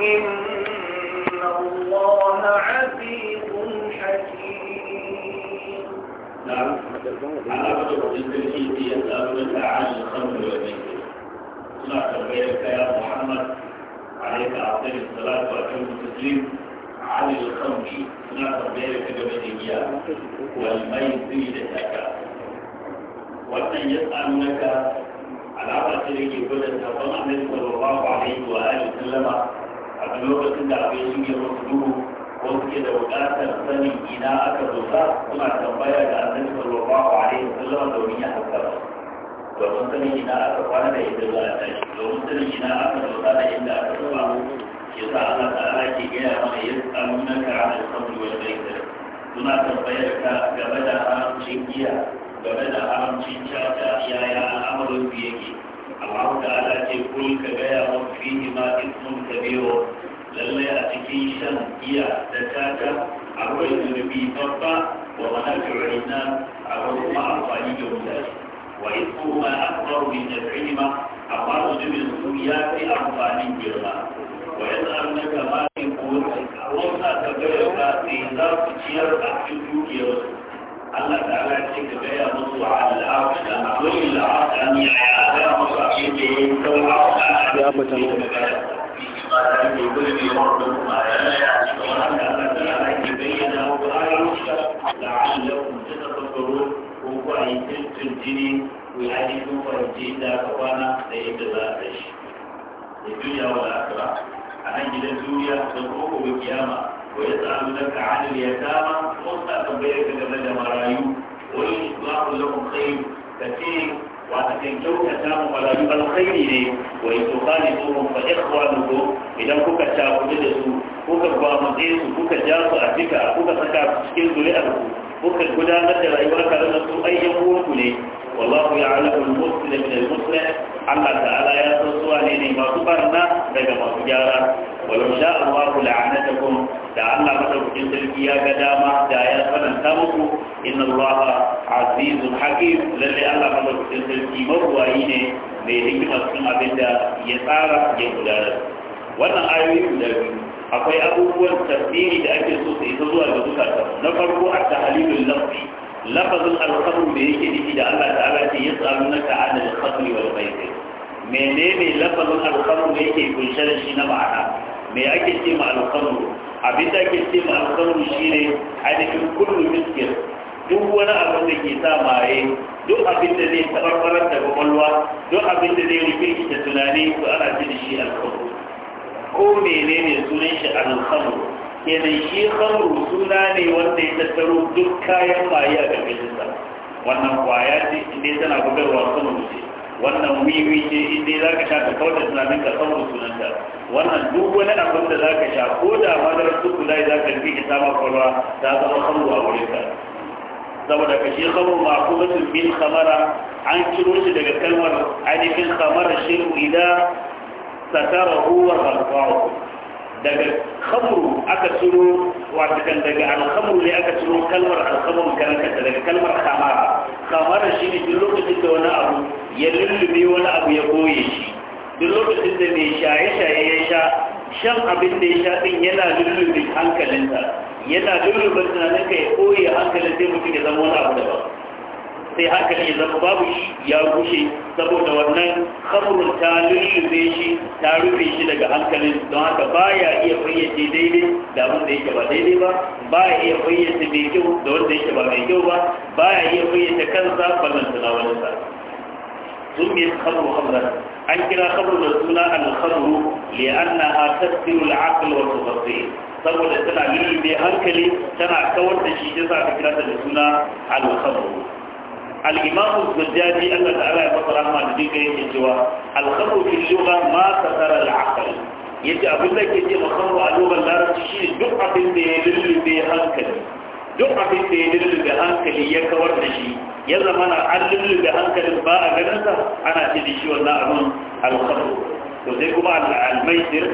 إن الله عزيز حكيم نعم عرفت بالتركيزية الأول عن الخمر والميسر صنع تربيتك يا محمد عليك أعطيك الصلاة وأتم التسليم عن الخمر صنع تربيتك بالإياه لك وأن يسألونك على عرفة لك يقول النبي صلى الله عليه وآله وسلم a lokacin da abin shi ke mutu duhu ko suke da buƙatar sanin ina aka dosa suna tambaya da annabi sallallahu alaihi wasallam domin ya ba domin sanin ina aka kwana da inda za a tashi domin sanin ina aka dosa da inda aka zuba ke sa Allah ta'ala ke gaya mana yas'alunaka 'anil khamri wal maisir suna tambayar ka game da haramcin giya game da haramcin caca yaya al'amarin yake Allah ta'ala ce kul ka gaya mun fihi ma ismun kabiru lalle a cikin shan iya da tata akwai zunubi babba wa manafi'un nan akwai kuma amfani da wuta. wa ismu ma akbar min naf'ihima amma zunubin su ya fi amfanin girma wa yas'alunaka ma fi qur'an wannan ka gaya ka sai za ku ciyar a cikin dukiyarsu Allah ta'ala ce ka gaya musu al'aqida wa lil'aqida kwatanin jini ko ya ji kun fahimci inda aka kwana da yadda za a tashi da duniya wa la'akara a nan gidan duniya da kuma gobe kiyama ko ya tsaru da ka hannun ya dama ko sa tambayar ka game da marayu wani islamu lahum khair ka ce وأتكن جوكا تام ولا يبقى الخير لي وإن تخالفوهم فإخوانكم إذا كوكا تام جدسوا كوكا قوامتيسوا كوكا جاسوا أتكا كوكا سكا سكين ذريئكم kuka gudanar da rayuwar tare da su ai yan uwanku ne wallahu ya'lamu al-mufsida min al-muslih Allah ta'ala ya san suwa ne ne masu barna daga masu gyara walau sha Allah la'anatakum da Allah madaukakin sarki ya ga dama da ya ta muku inna Allah azizun hakim lalle Allah madaukakin sarki mabuwayi ne mai hikima cikin abin da ya tsara ya gudanar wannan ayoyi guda biyu akwai abubuwan tafsiri da ake so su isa zuwa ga zukata na farko a tahalilul lafi lafazin alƙasar da yake nufi da Allah ta'ala ce ya tsaru na ta'ala da fasli wal baiti ne lafazin alƙasar da yake kunshe da shi na ma'ana me ake ce ma alƙasar abin da ake ce ma alƙasar shine ainihin kullu miskin duk wani abin da ke sa maye duk abin da zai tabarbarar da kwakwalwa duk abin da zai rufe da tunani to ana ce da shi alƙasar ko ne sunan shi alƙasar kenan shi khamru suna ne wanda ya tattaro duk kayan maye a ƙarƙashin wannan kwaya ce inda tana gudarwa sun wuce wannan wiwi ce inda za ka sha ta kawai tunanin ka khamru sunanta wannan duk wani abin da za ka sha ko da madarar tuku zai za ka rike ta ma kwalwa ta zama khamru a wurin ka saboda ka shi khamru ma kuma bin samara an ciro shi daga kalmar ainihin khamara shiru idan satara huwa khamru daga khamru aka ciro wato kan daga al-khamru ne aka turo kalmar al-khamru kan kanta daga kalmar khamara shi ne duk lokacin da wani abu ya lullube wani abu ya goye shi duk lokacin da mai shaye-shaye ya sha shan abin da ya sha din yana lullube hankalinsa yana lullube tunaninka ya koye hankalin sai mutum ya zama wani abu daban sai haka ne zama babu shi ya gushe saboda wannan khamrun ta lullube shi ta rufe shi daga hankalin don haka ba ya iya fayyace daidai da abin da yake ba daidai ba ba ya iya fayyace mai kyau da wanda yake ba mai kyau ba ba ya iya fayyace kansa ballanta na wani sa سميت خمر خمرا an كلا خمر رسولا الخمر لأنها تسر العقل والتفصيل saboda tana lulluɓe hankali tana kawar da shi ya sa ta kira ta da suna alkhamru الإمام الزجاجي أن تعالى يبطل رحمة لديك يجوا الخمر في اللغة ما كثر العقل yace abin da ke ce makamma a dogon larabci shi duk abin da ya lullube hankali duk abin da ya lullube hankali ya kawar da shi ya zama na an lullube hankalin ba a ganinsa ana ce da shi wannan abin alkamar to sai kuma almaisir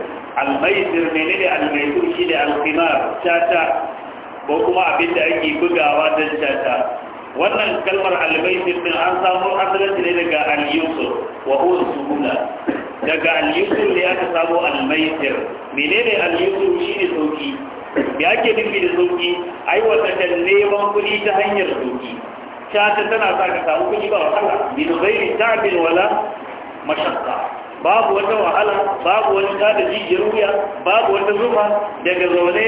almaisir ne ne almaisir shi ne ko kuma ake bugawa don tata wannan kalmar albaiti din an samu asalin ne daga al-yusuf wa huwa suhula daga al-yusuf ne aka samu al-maitir menene al-yusuf ne sauki me ake nufi da sauki ai wata neman kuɗi ta hanyar sauki shata tana sa ka samu kuɗi ba wahala min ghairi ta'bin wala mashaqqa babu wata wahala babu wani kada jijiyar wuya babu wata zuma daga zaune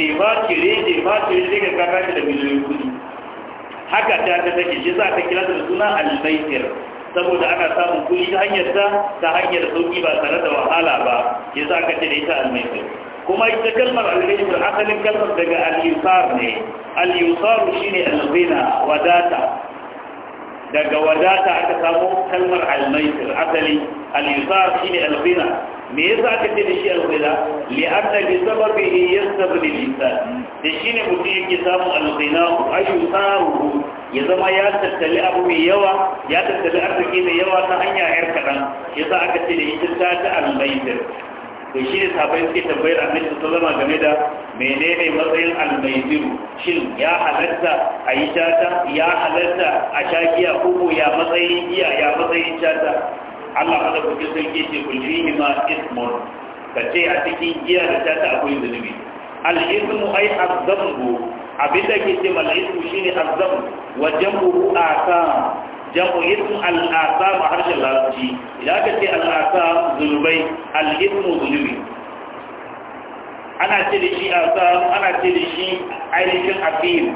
jefa kire jefa kire daga kaka da miliyoyin kuɗi haka ta ta take shi za ta kira da suna al-maitir saboda ana samun kuɗi ta hanyar ta ta hanyar sauki ba tare da wahala ba ke za ka ce da ita al-maitir kuma ita kalmar al-maitir asalin kalmar daga al-yusar ne al-yusar shine al-ghina wadata daga wadata aka samu kalmar al asali al-yusar shine al-ghina me yasa aka ce da shi al-ghina li anna sababi sababihi yastabli al-insan da shi shine mutum yake samu al-ghina ayyusaru ya zama ya tattali abu mai yawa ya tattali arziki mai yawa ta hanya yar kaɗan yasa aka ce da ita ta al-maisir to shi ne sabai suke tambayar annabi sallama game da menene matsayin almaiziru shin ya halatta a yi shata ya halatta a sha giya koko ya matsayin giya ya matsayin shata Allah kada ku kisan ke ce kulfihi ma ismun ka ce a cikin giya da shata akwai zunubi al-ismu ai az-zambu abinda ke ce mal-ismu shine az-zambu wa jam'u aka jam'u ism al-asam a harshen larabci idan ka ce al zunubai al zunubi ana ce da shi asam ana ce da shi ainihin afim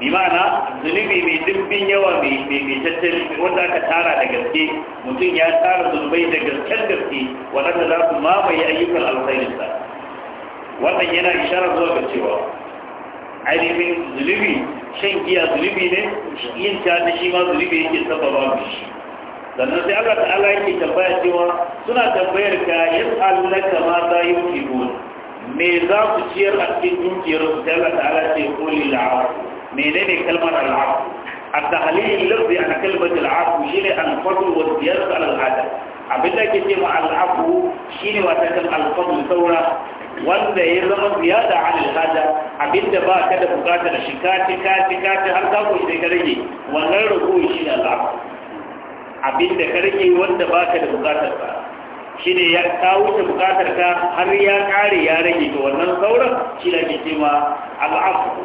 bi ma'ana zunubi mai dubbin yawa mai tattali wanda aka tara da gaske mutum ya tara zunubai da gasken gaske waɗanda za su mamaye ayyukan alkhairinsa wannan yana ishara zuwa ga cewa ainihin zulubi shan giya zulubi ne yin ta shi ma zulubi yake sababa mu shi sannan sai Allah ta'ala yake tambaya cewa suna tambayar ka yas'alunaka ma za yunfiqun me za ku ciyar a cikin dukiyar su ta Allah ta'ala ce la'afu mene ne kalmar al'afu A ta halin lafi ana kalmar al'afu shine al-fadl wa ziyaratu al-adab abinda ke ce ma al'afu shi ne wata kan al saura wanda ya zama ziyada alil hada abinda ba ka da bukata da shi kaci kaci kaci har ka ko sai ka rage wannan ruku shi ne Allah abinda ka rage wanda ba ka da bukatar ka shine ya ka wuce bukatar ka har ya kare ya rage to wannan sauran shi ne ake cewa al'afu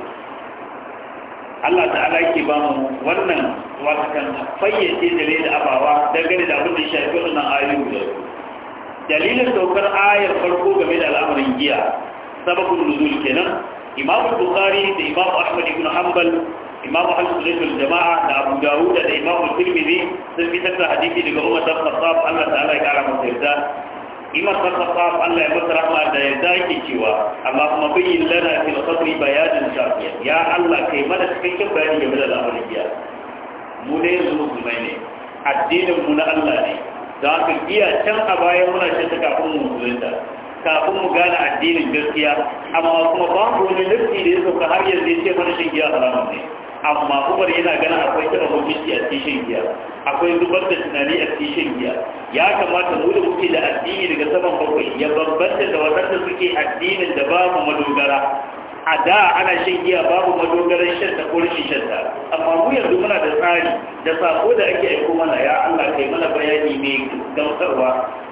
Allah ta'ala ke ba mu wannan wasu kan fayyace da da abawa dangane da abin da shafi wannan ayoyi da dalilin saukar ayar farko game da al'amarin giya sababin nuzul kenan imam bukhari da imam ahmad ibn hanbal imam al-sunnah al-jama'a da abu dawud da imam tirmidhi sun fitar da hadisi daga umar bin khattab Allah ta'ala ya kara masa yarda imam bin khattab Allah ya masa rahma da yarda yake cewa Allahumma bayyin lana fil qadri bayanan shafiyan ya Allah kai mana cikakken bayani game da al'amarin giya mu ne yanzu musulmai ne addinin mu na Allah ne da aka iya can a bayan muna shi ta kafin mu musulunta kafin mu gane addinin gaskiya amma kuma ba babu wani lafi da ya sauka har yanzu ya ce mana shi giya haramun ne amma umar yana gana akwai taba hukunci a cikin giya akwai zubar da tunani a cikin giya ya kamata mu da muke da addini daga saman bakwai ya bambanta da wadanda suke addinin da ba babu madogara a da ana shan giya babu madogaran shan ta kurshi shan ta amma mu yanzu muna da tsari da sako da ake aiko mana ya Allah kai mana bayani mai gamsarwa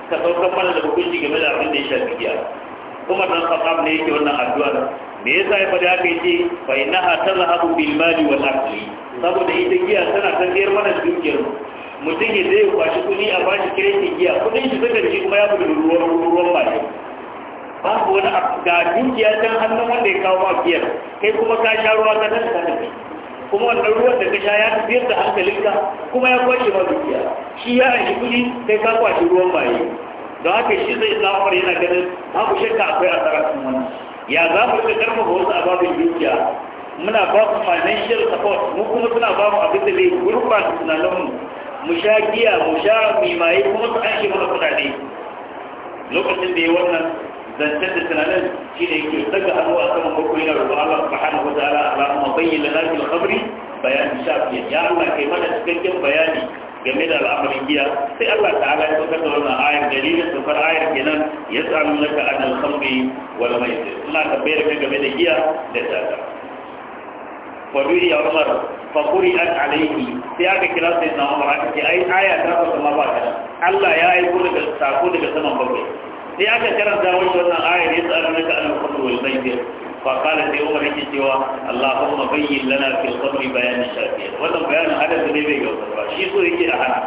ka saukar mana da hukunci game da abin da ya shafi giya kuma dan sabab ne yake wannan addu'a me yasa ya fada kai yace fa innaha tazhabu bil mali wal aqli saboda ita giya tana tafiyar mana dukiyar mutum ya zai kwashi kuɗi a bashi kiretin giya kuɗin shi zaka da shi kuma ya fi ruwan ruwan mai babu wani abu ga dukiya can hannun wanda ya kawo ma biyar kai kuma ka sha ruwa ta nan ta tafi kuma wannan ruwan da ka sha ya tafiyar da hankalinka kuma ya kwashe ma dukiya shi ya aiki kuli kai ka kwashe ruwan baye don haka shi zai zamar yana ganin babu shakka akwai asara sun wani. ya za mu rika karfafa wasu ababen dukiya muna ba ku financial support mu kuma suna ba mu abin da zai gurbata tunaninmu mu sha giya mu sha mimaye kuma su ake mana kuɗaɗe lokacin da ya wannan zancen da tunanin shi ne ke daga hannu a saman farko yana roƙo Allah subhanahu wa ta'ala Allahumma bayyin lana fil khamri bayani shafi ya Allah kai mana cikakken bayani game da al'amarin giya sai Allah ta'ala ya saukar da wannan ayar dalilin saukar ayar kenan ya samu naka anil khamri wal maisir suna tambayar ka game da giya da tata faduri ya umar fakuri an alaihi sai aka kira sai na umar aka ce ai aya ta fasa ma ba kana Allah ya aiko daga sako daga saman bakwai sai aka karanta wani wannan ayar ya tsara maka an kullu wal bayt fa qala sai umar yake cewa allahumma bayyin lana fil qabr bayan shafi'i wannan bayanin hadisi ne bai ba shi so yake a hana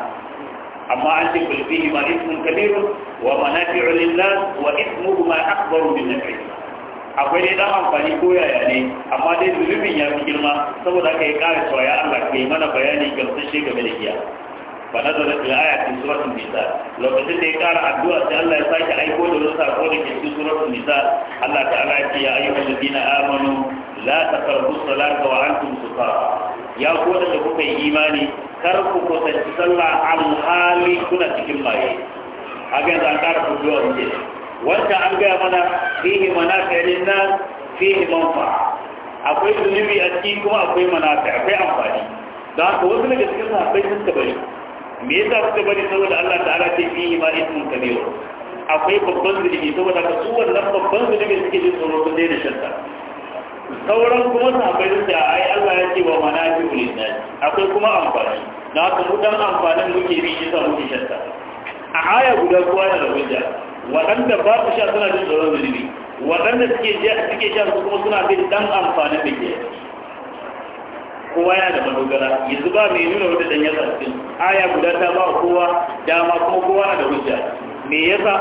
amma an ce kul fihi ma ismun kabir wa manafi'u lin nas wa ismuhu ma akbaru min nafi'i akwai dai dan amfani ko yaya ne amma dai zulubin ya fi girma saboda aka yi ƙara cewa ya Allah kai mana bayani gamsashe game da giya فنظر في الآية في سورة النساء لو كنت قال الدعاء الله يساك أي قول رسا قولك في سورة النساء الله تعالى يا أيها الذين آمنوا لا تقربوا الصلاة وأنتم سكارى ya ko da kuka yi imani kar ku kusanci sallah alhali kuna cikin maye a ga zan ƙara kuduwa muke wanda an gaya mana fihi manafi'in nan fihi manfa akwai zunubi a cikin kuma akwai manafi akwai amfani wasu daga cikin sun ka me yasa suka bari saboda Allah ta'ala ce fi ma ismun kabir akwai babban zulmi saboda ka su wannan babban zulmi suke jin tsoro sun daina shanta sauran kuma sahabbai sun ce ai Allah ya ce wa manafi ne, akwai kuma amfani na haka mu dan amfanin muke bi yasa muke shanta a aya guda kuwa da hujja waɗanda ba su sha suna jin tsoron zulmi waɗanda suke sha su kuma suna bin dan amfanin da ke kowa ya da madogara yanzu ba mai nuna wata dan yasa cikin aya guda ta ba kowa dama kuma kowa na da hujja me yasa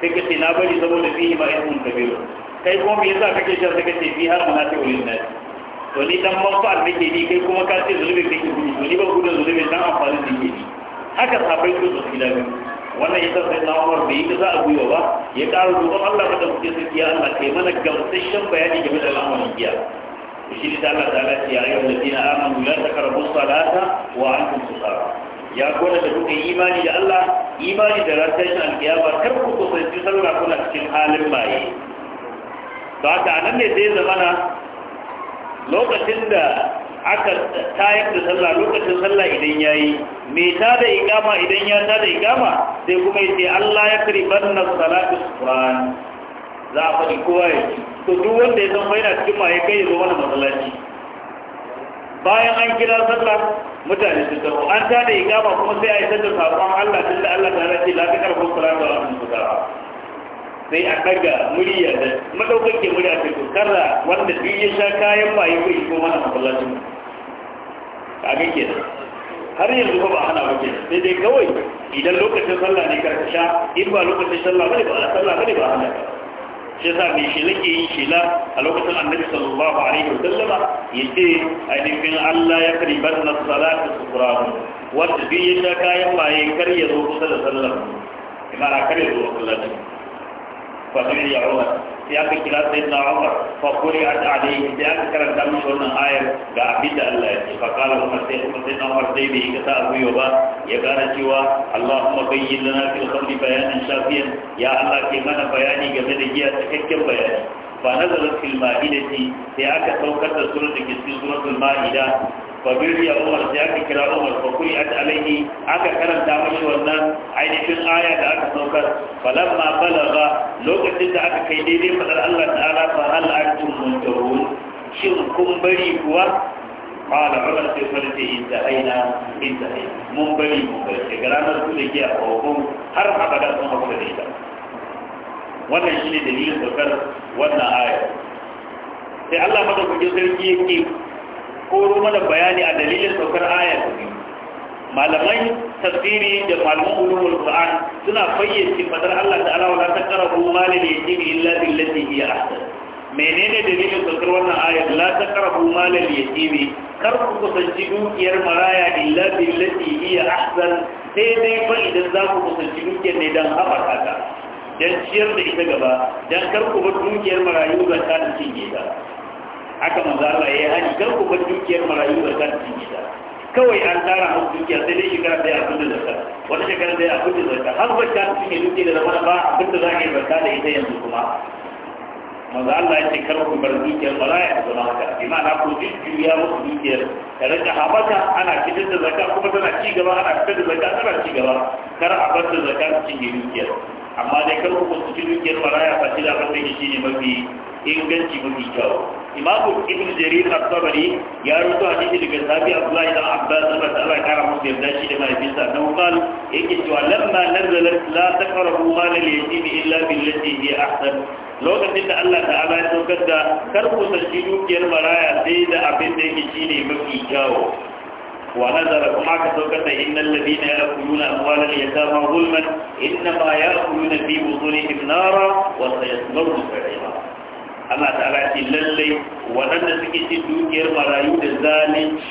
sai ka ce na bari saboda fihi ma ismun kabiru kai kuma me yasa kake shan sai ka ce fi har munafi wurin nas to ni dan manfa'al nake ni kai kuma ka ce zulubi kake gudu to ni ba gudun zulubi dan amfani da ni haka sabai su su kila biyu wannan yasa sai na Umar bai yi za a guyo ba ya ƙara duban Allah da kuke sai ya Allah kai mana gamsashen bayani game da al'amarin biya shi da Allah ta lati ya ayyuhal ladina amanu la taqrabu salata wa antum sukara ya gona da kuka imani da Allah imani da ran tashin alkiyama kar ku kusanci sallah kuna cikin halin maye to haka anan ne sai zamana lokacin da aka tayar da sallah lokacin sallah idan yayi me ta da iqama idan ya ta da iqama sai kuma yace Allah ya kriban nas salatu qur'an za a faɗi kowa ya ci to duk wanda ya zama yana cikin maye kai ya zo wani masallaci bayan an kira sallah mutane su tafi an ta da igama kuma sai a yi sallar saƙon Allah tun da Allah ta ce la ta karfin salatu wa rahmatu sai a daga murya da madaukake murya ta karra wanda duk ya sha kayan maye kai ko wani masallacin ka ga kenan har yanzu ba ana wajen sai dai kawai idan lokacin sallah ne sha, in ba lokacin sallah bane ba sallah bane ba hana shi yasa mai shela ke yin shela a lokacin annabi sallallahu alaihi wa sallama yace ainihin Allah ya karibar na salatu sufrahu wanda bi ya kayan maye kar ya zo kusa da sallar ina kar ya zo kusa da sallar fàdúrí yà ọmọ tí a kì í kìlá sí ẹnà ọmọ fàkórí àdàlẹ yìí tí a kì í kàrà dàmú sọ nà ayé gà á bí dàlẹ yìí fà ká ló ma sẹ ẹnà ọmọ tẹ ẹ bí yìí kàtà àgbẹ yọba yẹ kàrà ti wa aláhùn ọbẹ yìí lọ́nà kí ló sọ́kì bàyà ní sàfihàn yà ala kì í mana bàyà ní gẹ̀gẹ́ ní yà ti kẹ́ kẹ́ bàyà ní. Fa nazaru kilimaa ilayi ti babir ya umar sai aka kira umar ba kuri at alaihi aka karanta mashi wannan ainihin aya da aka saukar falamma balaga lokacin da aka kai daidai fadar Allah ta'ala fa hal antum muntahun shin kun bari kuwa qala umar sai fa ta inda aina inda aina mun bari mun bari daga ranar su da ke a kokon har abada sun hakura da ita wannan shine dalilin saukar wannan aya sai Allah madaukakin sarki yake koro mana bayani a dalilin saukar ayar malamai tafsiri da malamin ulumul qur'an suna fayyace fadar Allah ta'ala wala taqrabu mal al-yatim illa billati hiya ahsan menene dalilin saukar wannan ayar la taqrabu mal al-yatim kar ku kusanci dukiyar maraya illa billati hiya ahsan sai dai fa idan za ku kusanci dukiyar ne dan haɓaka ta dan ciyar da ita gaba dan kar ku bar dukiyar marayu ga ta cinye ta haka manzo Allah ya hani kar ku bar dukiyar marayu da kan cikin gida kawai an tsara hau dukiya sai dai shekara ɗaya abin da zaka wata shekara ya abin da zaka har bacci an cikin duke da zama ba abin da za ka yi barka da ita yanzu kuma manzo Allah ya ce kar ku bar dukiyar marayu da zama haka bi na ku jujjuya musu dukiyar ta rika habaka ana fitar da zaka kuma tana ci gaba ana fitar da zaka tana ci gaba kar a bar da zaka cikin dukiyar amma dai kar ku cikin dukiyar baraya ba shi da abin da shi ne mafi inganci mafi kyau imam ibn jarir at-tabari ya rubuta hadisi daga sahabi abdullahi ibn abbas da Allah ya kara musu yarda shi da bisa dan qal yake cewa lamma nazala la taqrabu mal al-yatim illa billati hi ahsan lokacin da Allah ta'ala ya saukar da kar ku kusanci dukiyar maraya sai da abin da yake shi ne mafi kyau ونزل كما كتوكت إن الذين يأكلون أموال اليتامى ظلما إنما يأكلون في بطونهم نارا وسيصلون سعيرا Allah ta'ala ce lallai waɗanda suke cin dukiyar marayu da zalunci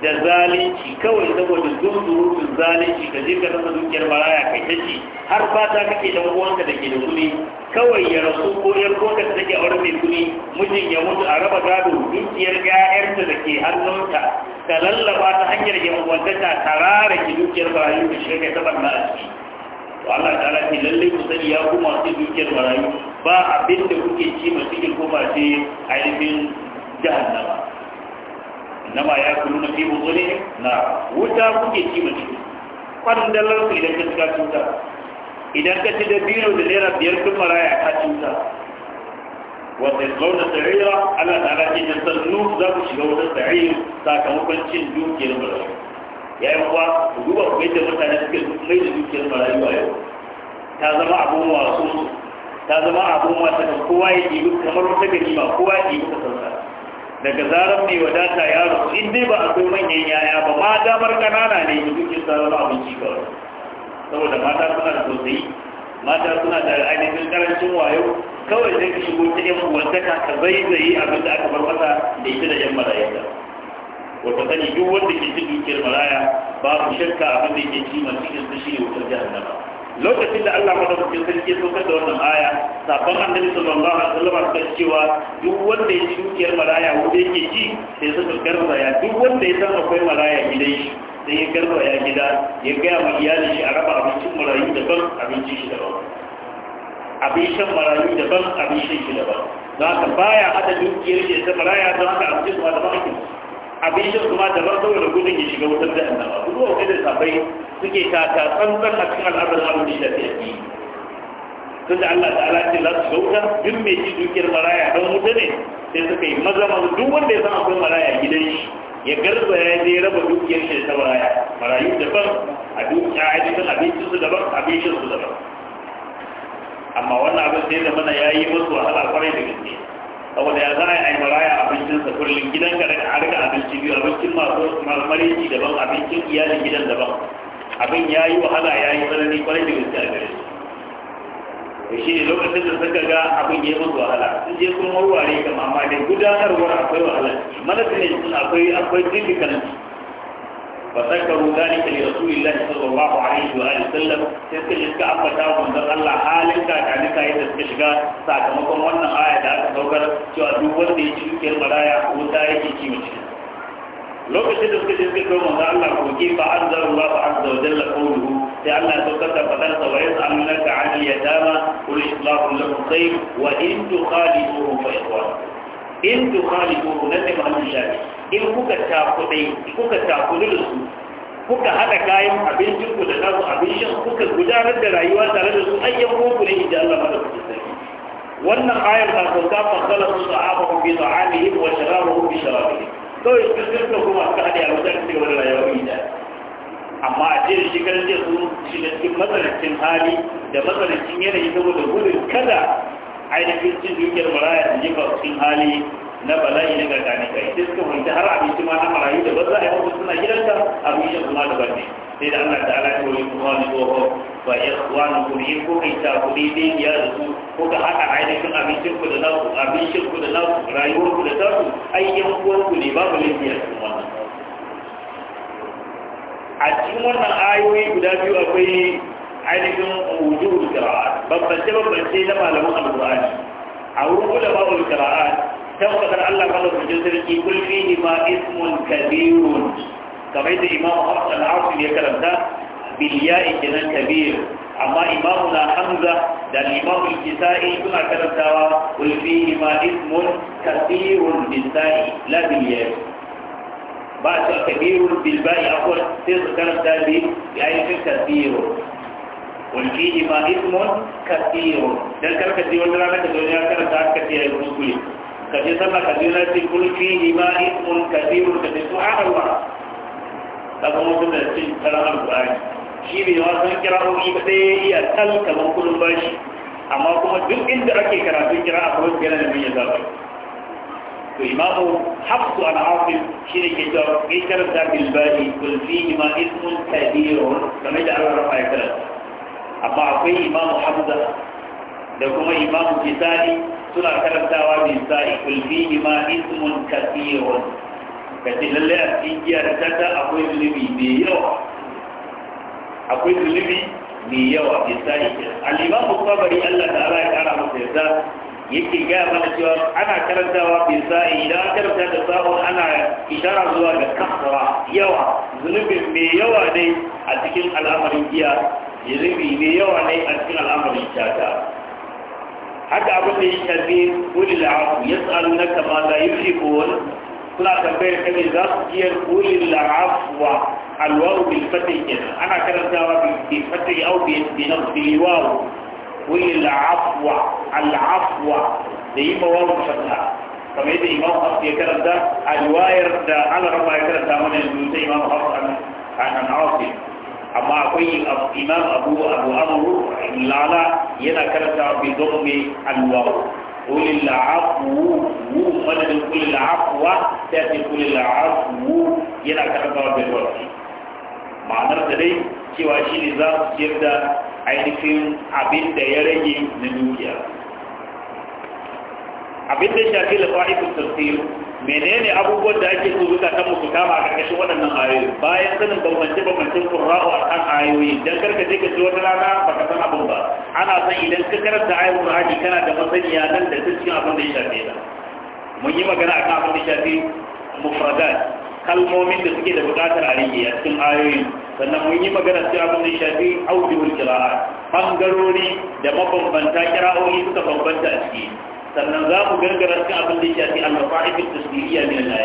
da zalunci kawai saboda zunzurutun zalunci ka je ka rasa dukiyar baraya kai ta ce har fata kake dan uwanka da ke da kuni kawai ya rasu ko yar uwanka da take aure mai kuni mijin ya mutu a raba gado dukiyar ƴaƴarta da ke hannunta ka lallaba ta hanyar ya uwantaka ta ki dukiyar barayu da shirka ta barna a ciki to Allah ta rafi lalle ku sani ya ku masu dukiyar barayu ba abinda da kuke ci ma cikin ko ba ce ainihin jahannama nama ya kuma fi buzuri na wuta kuke ci mace kwandalar ku idan ka ci cuta idan ka ci da biyu da naira biyar kun maraya ka cuta wanda zauna sa'ira Allah ta race da sannu za ku shiga wata sa'ir sakamakon cin dukiyar marayu ya yi kuwa ku duba ku yadda mutane suke mai da dukiyar marayu a yau ta zama abun wasu ta zama abun wasa kowa ya ɗibi kamar wata ganima kowa ya ɗibi sa. daga zarar mai wadata yaro in dai ba akwai manyan yaya ba ma damar kanana ne yi dukkan zarar abinci ba. saboda mata suna da sosai mata suna da ainihin karancin wayo kawai zai ka shigo ta yan uwantaka ka zaizaye abin da aka bar masa da ita da yan malayata wata sani duk wanda ke ci dukiyar maraya babu shakka abin da ke ci masu cikin su shi ne wutar jihar nama lokacin da Allah madaukakin sarki so saukar da wannan aya sabon annabi sallallahu alaihi wasallam ta cewa duk wanda ya ci dukiyar maraya wanda yake ci sai suka ya duk wanda ya san akwai maraya gidan shi sai ya ya gida ya gaya ma iyali shi a raba abincin marayu daban abincin shi daban abin marayu daban abincin shi daban za ka baya hada dukiyar shi ta maraya don haka abincin su daban ake shi kuma ma ba saboda gudun ya shiga wutar da annaba duk wanda da sabai suke taka tsantsan a cikin al'adar abin da shafi yaki da Allah ta'ala ce za su gauta duk mai ci dukiyar maraya don wuta ne sai suka yi maza maza duk wanda ya san akwai maraya gidan shi ya garba ya je raba dukiyar shi ta maraya marayu daban a dukiya a cikin abincin su daban abincin su daban amma wannan abin sai da mana ya yi musu wahala kwarai da gaske saboda ya zana a yi maraya abincinsa kullum gidan ka a rika abinci biyu abincin masu marmariki daban abincin iyalin gidan daban abin ya yi wahala ya yi tsanani kwarai da gaske a gare su da shi ne lokacin da suka ga abin ya yi musu wahala sun je sun warware ga mamma gudanarwar akwai wahala mana ne akwai akwai difficulty فذكروا ذلك لرسول الله صلى الله عليه وآله وسلم تلك الشكاء فتاة من ذر الله حالك كانت wannan aya da aka وانا آية duk wanda شو أدوبة تيجي كير ta وتاية تيجي مجرد lokacin da suka je suka kawo manzo Allah ko ki fa anzar Allah azza wa jalla qawluhu sai Allah ya saukar da fadar sa wa yas'alunaka 'anil yatama qul islahu lahum khayr wa in tukhalifuhum fa ikhwanukum in tukhalifu nan ne mahallin shafi in kuka takudai kuka takudu da su kuka hada kayan abincin ku da nasu abin shan kuka gudanar da rayuwa tare da su ayyan ku ne inda Allah mada kuka sarki wannan ayar ta sauka fasala su sahaba ku bi ta'amihim wa sharabuhum bi sharabihim kawai su sirka kuma suka hada a wajen cikin wani rayuwa ita amma a ce shi kan ce su da cikin matsalancin hali da matsalancin yanayi saboda gudun kada ainihin cin dukiyar maraya da jefa cikin hali na bala'i na gargani kai sai suka wanke har abinci ma na marayu da ba za a yi wasu suna gidanka abin yin kuma da banne sai da Allah ta ala kawai kuma wani goho ba ya kuwa na kuma yin ko kai ta kuɗi dai biya da su ko ka haɗa ainihin abincin ku da naku abincin ku da naku rayuwar ku da tasu ai yan uwar ku ne babu lafiya cikin wannan a cikin wannan ayoyi guda biyu akwai ainihin wujuhul qira'at babbance babbance na malaman alqur'ani a wurin ulama'ul qira'at tabbatar Allah madaukakin sarki kul fihi ma ismun kabirun kamar da imam Hassan al ya karanta bil ya'i kenan kabir amma imamu na hamza da imamu kisa'i suna karantawa kul fihi ma ismun kabirun bisa'i la bil ya'i ba ta kabirun bil ba'i akwai sai su karanta bi ya'i kabirun والفيهما اسم كثير ذكر كثير الدرامة تدوني أكثر ذات كثير الرسول كثير سمى كثير الرسول كل فيهما اسم كثير كثير سبحان الله هذا هو مصدر السلام سلام القرآن شيء من يواصل الكراء وإبتي يأتل كما كل باشي أما كما جزء إن دركي كراء في الكراء أخرج بينا نبي يزاوي فإمام حفظ عن عاصم شيء كثير كثير ذات الباشي كل فيهما اسم كثير كما يجعل الرفع يكرا amma akwai imamu hamza da kuma imamu kisani suna karantawa bin sa'i kulfi ma ismun kasirun ka ce lalle a cikin giya tata akwai zunubi mai yawa akwai zunubi mai yawa bin sa'i al'imamu kwabari allah ta ta'ala ya kara masa yarda yake gaya mana cewa ana karantawa bin sa'i idan an karanta da sabon ana ishara zuwa ga kafara yawa zunubin mai yawa ne a cikin al'amarin giya zunubi mai yawa ne a cikin al'amarin shata haka abin da ya shafi wuli la'afu ya tsaru na kama da yi shi kowani suna tambayar kame za su iya wuli la'afu wa alwaru bil fatin kenan ana karantawa bil fatin au bi na biliwawu wuli la'afu wa al'afu da yi mawaru fata kamar yadda imam hafi ya karanta a riwayar da ana rama ya karanta mana yanzu ta imam hafi an hafi amma akwai imam abu abu amru lala yana karanta bi dhammi alwaw قل العفو مدد كل العفو تأتي كل العفو ينا كربا بالوقت ma'anar da dai cewa shi ne za su ciyar da ainihin abin da ya rage na dukiya abin da shafi da fa'ikun tafsir menene abubuwan da ake so zuka ta musu kama a karkashin waɗannan ayoyi bayan sanin bambance bambancin qurra'u a kan ayoyi dan karka je ka ji wata rana baka san abin ba ana san idan ka karanta ayoyin qur'ani kana da masaniya nan da cikin abin da ya shafe ta mun yi magana akan abin da shafi mufradat kalmomin da suke da buƙatar a rige a cikin ayoyi sannan mun yi magana cikin abin da ya shafi audihul qira'a bangarori da mabambanta kira'o'i suka bambanta a ciki sannan za ku gargara cikin abin da shafi al-mafa'idul tasbihiyya min al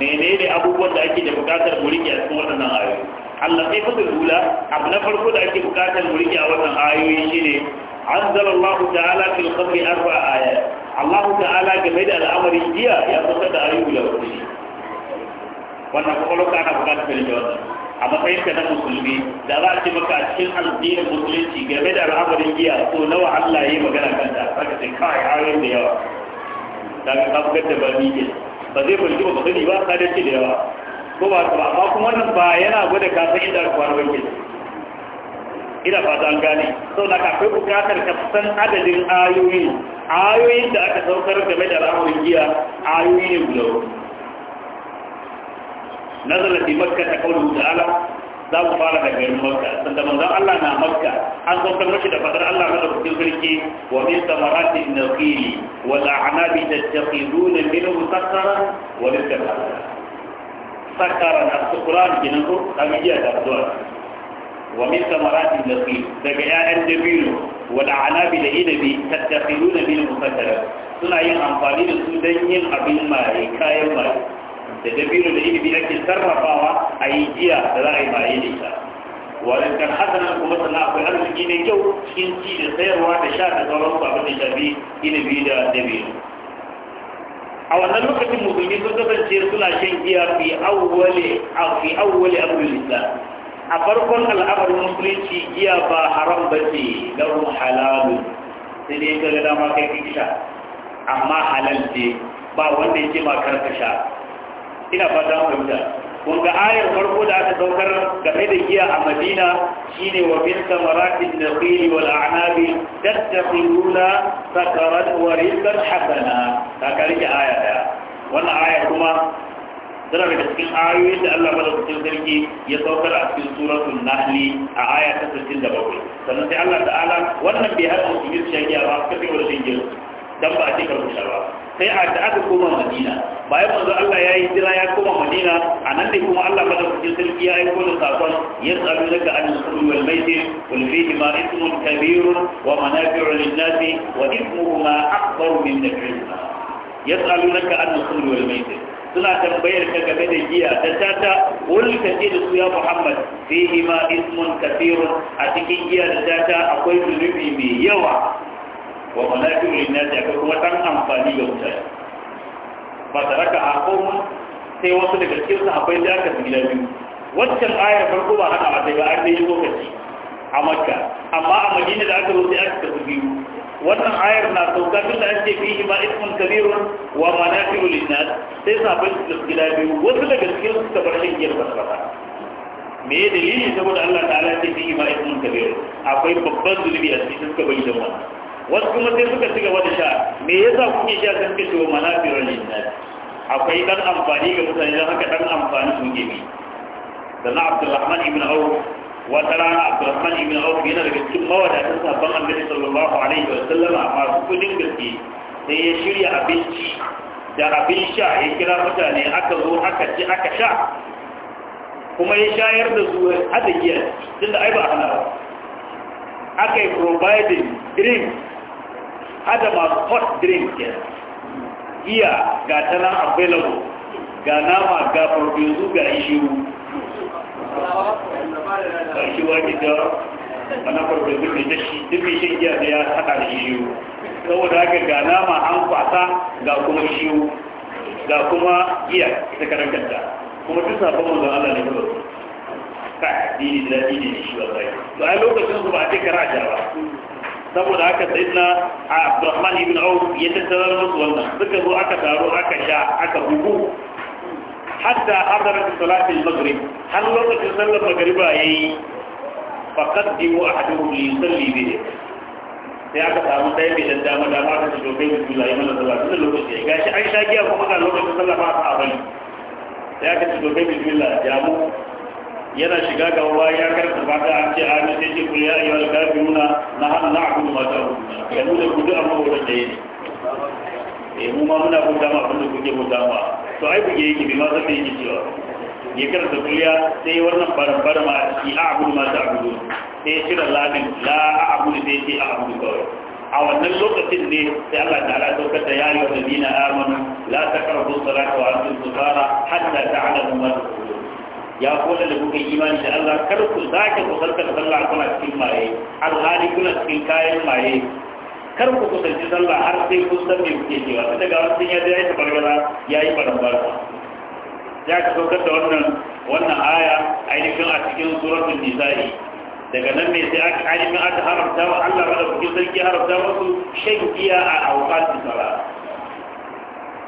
ne ne abubuwan da ake da bukatar mu a cikin waɗannan ayoyi Allah sai fadu dula abu na farko da ake bukatar mu a wannan ayoyi shine anzala Allah ta'ala fil qabri arba aya Allah ta'ala game da al'amari jiya ya fitar da ayoyi da hudu wannan kuma lokacin ana bukatar mu rike wannan a matsayin ka na musulmi da za a ce maka a cikin addinin musulunci game da al'amarin giya so nawa Allah ya yi magana kanta saka sai kai ayoyin da yawa Da daga kafin da ba ni ba zai bari ba sani ba ka da ce da yawa ko ba ba amma kuma wannan ba yana gwada ka san inda alƙur'ani yake ina ba ta gane sau na kafin bukatar ka san adadin ayoyi ayoyin da aka saukar game da al'amarin giya ayoyi ne guda نزل في مكة تقوله تعالى ذاو فارغ غير مكة فتمنى الله نا مكة أن تكون مشي دفتر الله نظر في الفريق ومن ثمرات النخيل والأعناب تتخذون منه سكرا ورزقا سكرا القرآن جنبه أمجيا دفتر ومن ثمرات النخيل تجاه النبيل والأعناب الإنبي تتخذون منه سكرا سنعين أنفالين سودين أبين ماري كاين ماري da dabino da ilimi ake sarrafawa a yi jiya da za a yi maye da ita wadantar na kuma sannan akwai arziki ne kyau cikin ci da sayarwa da sha da sauran abin da shafi ilimi da dabino a wannan lokacin musulmi sun kasance suna shan giya fi awwali a fi awwali a farkon al'amarin musulunci giya ba haram ba bace lahu halalun sai dai ga dama kai kisha amma halal ce ba wanda yake ma sha. ina fata fahimta kun ga ayar farko da aka daukar game da giya a madina shine wa min samaratin nakhil wal a'nabi tattakhiduna sakaran wa rizqan hasana ta karki aya daya wannan aya kuma tana daga cikin ayoyin da Allah madaukakin sarki ya saukar a cikin suratul nahli a aya ta 67 sannan sai Allah ta'ala wannan bai hada musulmi shagiya ba kafin wajen giya dan ba a ce karbu ba sai a da aka koma madina bayan manzo Allah ya yi jira ya koma madina a nan ne kuma Allah bada cikin sarki ya aiko da sakon ya tsaro daga an sulu wal maisir wal fihi ma ismun kabirun wa manafi'u lin nasi wa ismuhuma akbar min nafihima yas'alunaka an sulu wal maisir suna tambayar ka game da giya da tata wani ka ce da su ya muhammad fihi ma ismun kafirun a cikin giya da tata akwai zunubi mai yawa wa malafi na da akwai kuma ɗan amfani ga mutane ba ta raka a koma sai wasu daga cikin su akwai da aka gida biyu Wancan ayar farko ba hana ba sai ba an yi lokaci a makka amma a madina da aka rufe aka tafi biyu wannan ayar na sauka duk da ake fi ma ismun kabirun wa manafi'u linnas sai akwai su gida biyu wasu daga cikin su ta bar shigiyar basbasa me ya dalili saboda Allah ta'ala ce fi ma ismun kabirun akwai babban zunubi a cikin suka bayyana wannan wasu kuma sai suka ci gaba da sha me yasa kuke sha sai suka ce wa manafirul linnasi akwai dan amfani ga mutane don haka dan amfani sun gemi sannan abdulrahman ibn auf wata rana abdulrahman ibn auf yana daga cikin mawadatan sabon annabi sallallahu alaihi wa sallama su kudin gaske sai ya shirya abinci da abin sha ya kira mutane aka zo aka ci aka sha kuma ya shayar da su hada giya tunda ai ba hana ba aka yi providing drink adama hot drink ke iya ga ta nan available ga nama ga produce ga ishiru ga ishiwa gida wani farfesu ne ta shi duk ishin iya da ya haɗa da ishiru saboda haka ga nama an kwasa ga kuma ishiru ga kuma iya ta karantanta kuma duk sabon wanzan Allah ne kuma ka dini da dini ne shi wa bai to a lokacin su ba a ce kara ba saboda haka sayyidina Abdurrahman ibn Auf ya tattara musu wannan suka zo aka taro aka sha aka bugu hatta hadarat salat al-maghrib har lokacin sallar magriba yayi faqaddimu ahaduhum li yusalli bihi sai aka samu sai bi dan dama dama aka ce domin da mana yana da sallah tun lokaci ya gashi an sha giya kuma ga lokacin sallah ba a bari sai aka ce domin da tula ya mu yana shiga ga ruwa ya karfa ba ta an ce an sai ce kul ya ayyuhal kafiruna na hana na'budu ma ta'buduna ya nuna gudu amma wurin da yake eh mu ma muna bauta ma abin da kuke bauta ma to ai kuke yake bi ma sai yake cewa ya karanta kuliya sai wannan baran ma shi a'budu ma ta'budu sai kira lamin la a a'budu sai ce a'budu kawai a wannan lokacin ne sai Allah ta'ala saukar da yayi wa ladina amanu la taqrabu salata wa antum sukara hatta ta'lamu ma taqulun ya ko da kuka imani da Allah kar ku sake ku sarka da sallah kuna cikin maye alhali kuna cikin kayan maye kar ku sarki sallah har sai kun san me kuke cewa daga sun ya ji ya bargara ya yi barambara ya ka saukar da wannan wannan aya ainihin a cikin suratul nisa'i daga nan ne sai aka ainihin aka haramta wa Allah da kuke sarki haramta wasu shan giya a awqatis sala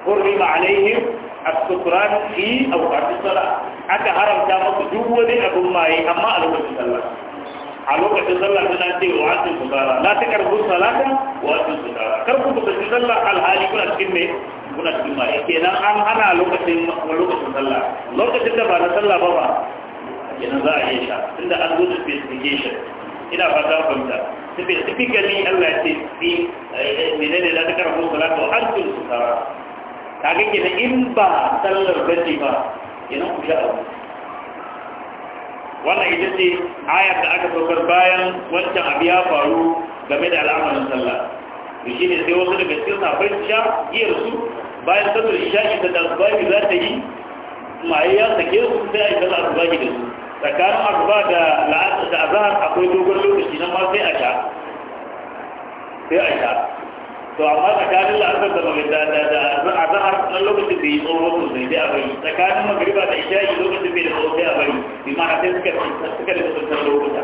hurrima alaihim as fi abu awqatis sala aka haramta masu duk wani abin maye amma a lokacin sallah a lokacin sallah suna ce wa atin sukara na ta karbu salata wa atin sukara karbu ku tafi sallah alhali kuna cikin ne kuna cikin maye kenan an hana lokacin lokacin sallah lokacin da ba na sallah ba ba kenan za a yi sha tunda an zo da specification ina fata fahimta specifically Allah ya ce fi menene da ta karbu salata wa su sukara kage kenan in ba sallar bace ba kenan ku sha abu wannan ita ce ayar da aka saukar bayan wancan abu ya faru game da al'amarin sallah shi ne sai wasu daga cikin sahabbai sha giyar su bayan sallar shi da tasbahi za ta yi maye ya sake su sai a yi sallar asbahi da su tsakanin asuba da la'asar da azhar akwai dogon lokaci na ma sai a sha sai a sha to amma tsakanin la'asar da maganda da da a zahar ɗan lokacin da yi tsoho sosai da a bari tsakanin magariba da yi lokacin bai da tsoho sai a bari bi ma sai suka suka da kusantar lokuta